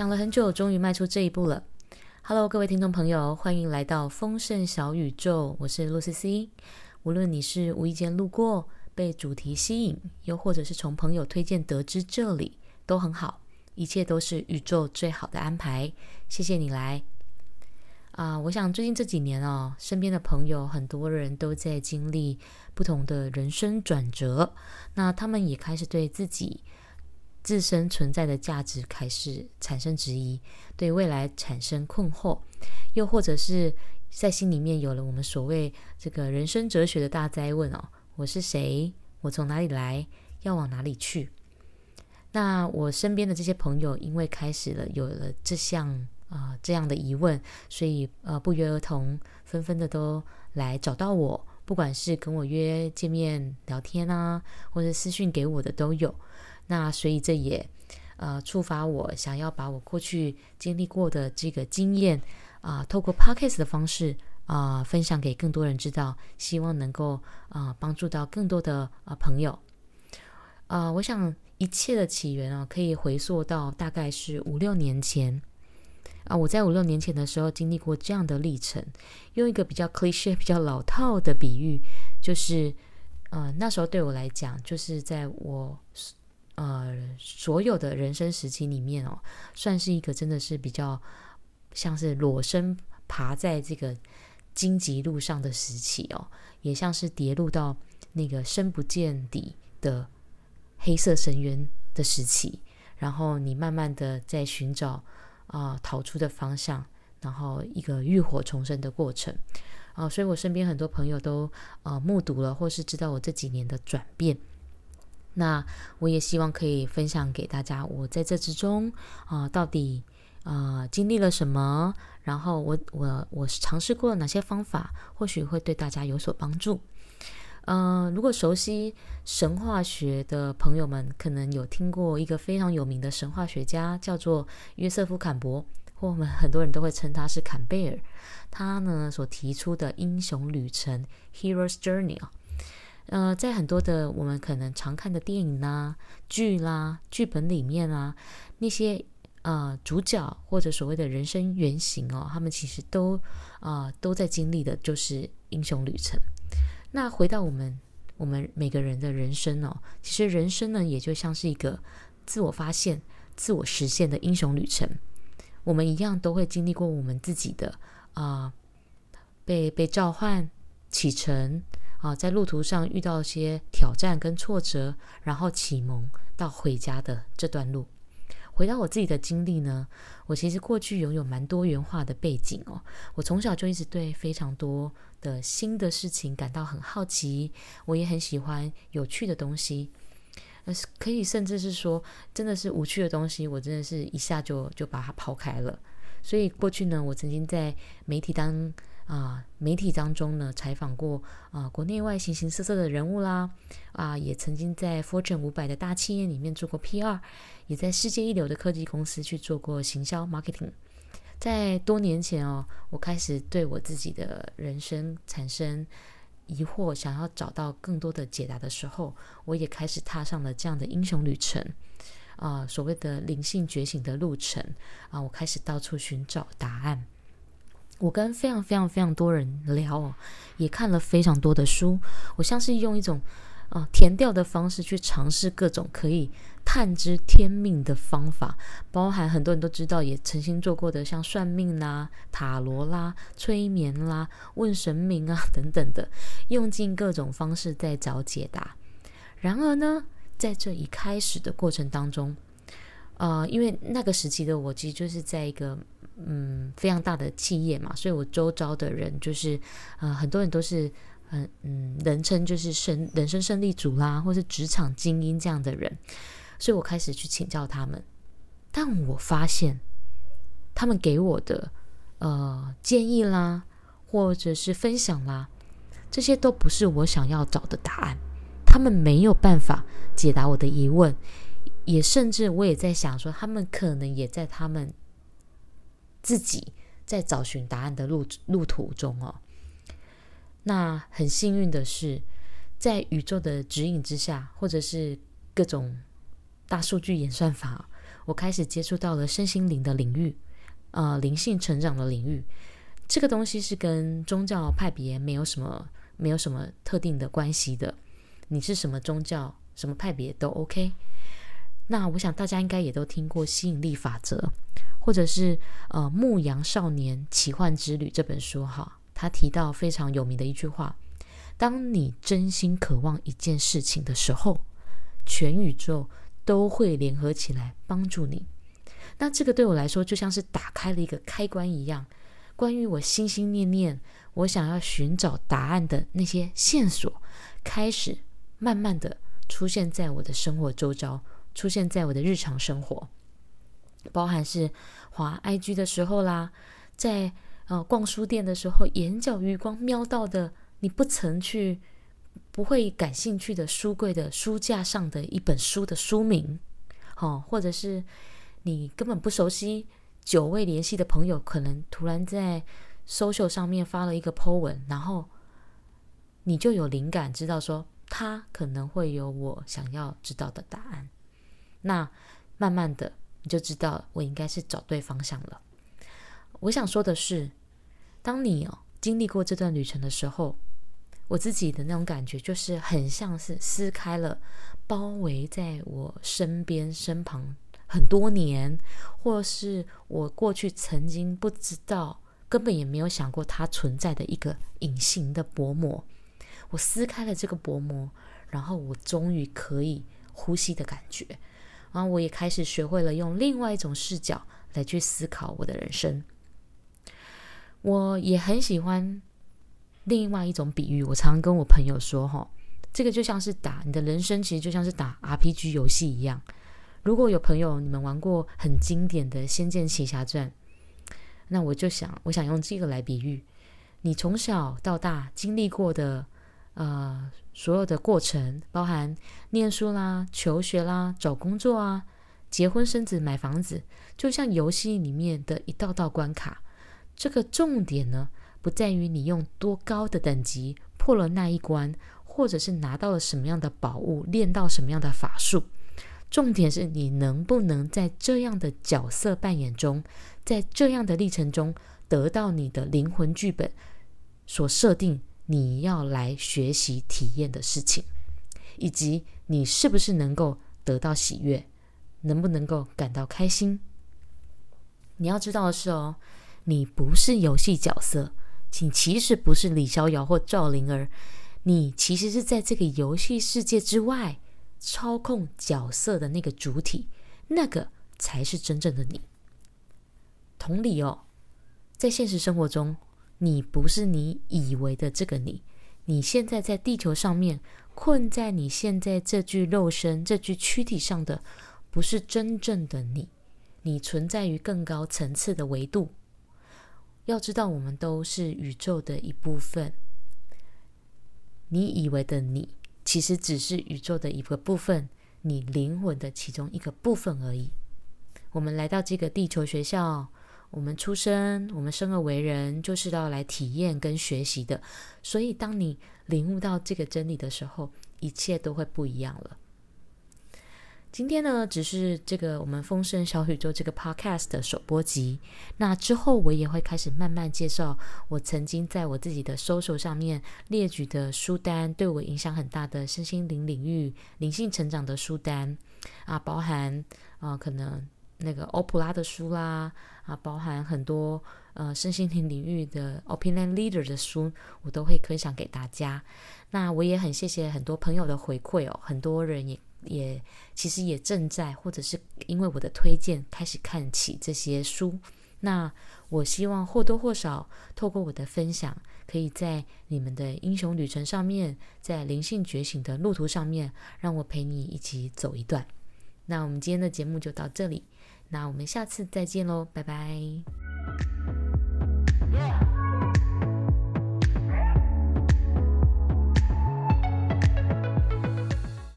想了很久，終於邁出這一步了。哈嘍，各位聽眾朋友，歡迎來到豐盛小宇宙，我是露西西。無論你是無意間路過，被主題吸引，又或者是從朋友推薦得知這裡，都很好，一切都是宇宙最好的安排。謝謝你來。啊、呃，我想最近這幾年哦，身邊的朋友很多人都在經歷不同的人生轉折，那他們也開始對自己。自身存在的價值開始產生質疑，對未來產生困惑，又或者是在心裡面有了我們所謂這個人生哲學的大哉問哦：我是誰？我從哪裡來？要往哪裡去？那我身邊的這些朋友，因為開始了有了這項啊、呃、這樣的疑問，所以啊、呃、不約而同，紛紛的都來找到我，不管是跟我約見面聊天啊，或者私訊給我的都有。那所以這也，呃，觸發我想要把我過去經歷過的這個經驗啊、呃，透過 Podcast 的方式啊、呃，分享給更多人知道，希望能夠啊、呃、幫助到更多的啊、呃、朋友。啊、呃，我想一切的起源啊，可以回溯到大概是五六年前。啊、呃，我在五六年前的時候經歷過這樣的歷程。用一個比較 cliché、比較老套的比喻，就是，呃，那時候對我來講，就是在我。呃，所有的人生時期裡面哦，算是一個真的是比較像是裸身爬在這個荊棘路上的時期哦，也像是跌入到那個深不見底的黑色深淵的時期，然後你慢慢的在尋找啊、呃、逃出的方向，然後一個浴火重生的過程啊、呃，所以我身邊很多朋友都啊、呃、目睹了或是知道我這幾年的轉變。那我也希望可以分享給大家，我在這之中啊、呃，到底啊、呃，經歷了什麼？然後我我我嘗試過了哪些方法？或許會對大家有所幫助。呃，如果熟悉神話學的朋友們，可能有聽過一個非常有名的神話學家，叫做約瑟夫·坎伯，或我們很多人都會稱他是坎貝爾。他呢所提出的英雄旅程 （Hero's Journey） 啊。呃，在很多的我們可能常看的電影啦、啊、劇啦、啊、劇本裡面啊，那些呃主角或者所謂的人生原型哦，他們其實都啊、呃、都在經歷的就是英雄旅程。那回到我們我們每個人的人生哦，其實人生呢也就像是一個自我發現、自我實現的英雄旅程。我們一樣都會經歷過我們自己的啊、呃、被被召喚啟程。啊，在路途上遇到一些挑戰跟挫折，然後啟蒙到回家的這段路。回到我自己的經歷呢，我其實過去擁有蠻多元化的背景哦。我從小就一直對非常多的新的事情感到很好奇，我也很喜歡有趣的東西。可是、啊、可以甚至是說，真的是無趣的東西，我真的是一下就就把它拋開了。所以過去呢，我曾經在媒體當，啊，媒體當中呢，採訪過啊國內外形形色色的人物啦，啊也曾經在 Fortune 500的大企業裡面做過 PR，也在世界一流的科技公司去做過行銷 marketing。在多年前哦，我開始對我自己的人生產生疑惑，想要找到更多的解答的時候，我也開始踏上了這樣的英雄旅程，啊所謂的靈性覺醒的路程啊，我開始到處尋找答案。我跟非常非常非常多人聊，也看了非常多的書。我像是用一種啊、呃、填掉的方式去嘗試各種可以探知天命的方法，包含很多人都知道也曾經做過的，像算命啦、啊、塔羅啦、啊、催眠啦、啊、問神明啊等等的，用盡各種方式在找解答。然而呢，在這一開始的過程當中，呃，因為那個時期的我其實就是在一個。嗯，非常大的企業嘛，所以我周遭的人就是，呃，很多人都是、呃、嗯，人稱就是勝人生勝利組啦，或是職場精英這樣的人，所以我開始去請教他們，但我發現，他們給我的呃建議啦，或者是分享啦，這些都不是我想要找的答案，他們沒有辦法解答我的疑問，也甚至我也在想說，他們可能也在他們。自己在找尋答案的路路途中哦，那很幸運的是，在宇宙的指引之下，或者是各種大數據演算法，我開始接觸到了身心靈的領域，呃，靈性成長的領域。這個東西是跟宗教派別沒有什麼，沒有什麼特定的關係的，你是什麼宗教，什麼派別都 OK。那我想大家應該也都聽過吸引力法則，或者是呃《牧羊少年奇幻之旅》這本書哈，他提到非常有名的一句話：當你真心渴望一件事情的時候，全宇宙都會聯合起來幫助你。那這個對我來說就像是打開了一個開關一樣，關於我心心念念我想要尋找答案的那些線索，開始慢慢地出現在我的生活周遭。出現在我的日常生活，包含是滑 IG 的時候啦，在呃逛書店的時候，眼角餘光瞄到的你不曾去不會感興趣的書櫃的書架上的一本書的書名，哦，或者是你根本不熟悉久未聯繫的朋友，可能突然在 social 上面發了一個 po 文，然後你就有靈感，知道說他可能會有我想要知道的答案。那慢慢的你就知道我應該是找對方向了。我想說的是，當你有、哦、經歷過這段旅程的時候，我自己的那種感覺就是很像是撕開了包圍在我身邊身旁很多年，或是我過去曾經不知道，根本也沒有想過它存在的一個隱形的薄膜。我撕開了這個薄膜，然後我終於可以呼吸的感覺。啊，然後我也開始學會了用另外一種視角來去思考我的人生。我也很喜歡另外一種比喻，我常常跟我朋友說、哦：“哈，這個就像是打，你的人生其實就像是打 RPG 遊戲一樣。”如果有朋友你們玩過很經典的《仙劍奇俠傳》，那我就想，我想用這個來比喻，你從小到大經歷過的。呃，所有的過程包含念書啦、求學啦、找工作啊、結婚生子、買房子，就像遊戲裡面的一道道關卡。這個重點呢，不在於你用多高的等級破了那一關，或者是拿到了什麼樣的寶物、練到什麼樣的法術，重點是你能不能在這樣的角色扮演中，在這樣的歷程中得到你的靈魂劇本所設定。你要來學習體驗的事情，以及你是不是能夠得到喜悅，能不能夠感到開心？你要知道的是哦，你不是遊戲角色，你其實不是李逍遙或趙靈兒，你其實是在這個遊戲世界之外操控角色的那個主體，那個才是真正的你。同理哦，在現實生活中。你不是你以為的這個你，你現在在地球上面困在你現在這具肉身、這具軀體上的，不是真正的你。你存在於更高層次的維度。要知道，我們都是宇宙的一部分。你以為的你，其實只是宇宙的一個部分，你靈魂的其中一個部分而已。我們來到這個地球學校哦。我們出生，我們生而為人，就是要來體驗跟學習的。所以，當你領悟到這個真理的時候，一切都會不一樣了。今天呢，只是這個我們“豐盛小宇宙”這個 podcast 的首播集。那之後，我也會開始慢慢介紹我曾經在我自己的搜索上面列舉的書單，對我影響很大的身心靈領域、靈性成長的書單啊，包含啊、呃，可能。那個歐普拉的書啦，啊，啊，包含很多呃身心靈領域的 opinion leader 的書，我都會分享給大家。那我也很謝謝很多朋友的回饋哦，很多人也也其實也正在或者是因為我的推薦開始看起這些書。那我希望或多或少透過我的分享，可以在你們的英雄旅程上面，在靈性覺醒的路途上面，讓我陪你一起走一段。那我們今天的節目就到這裡。那我們下次再見嘍，拜拜。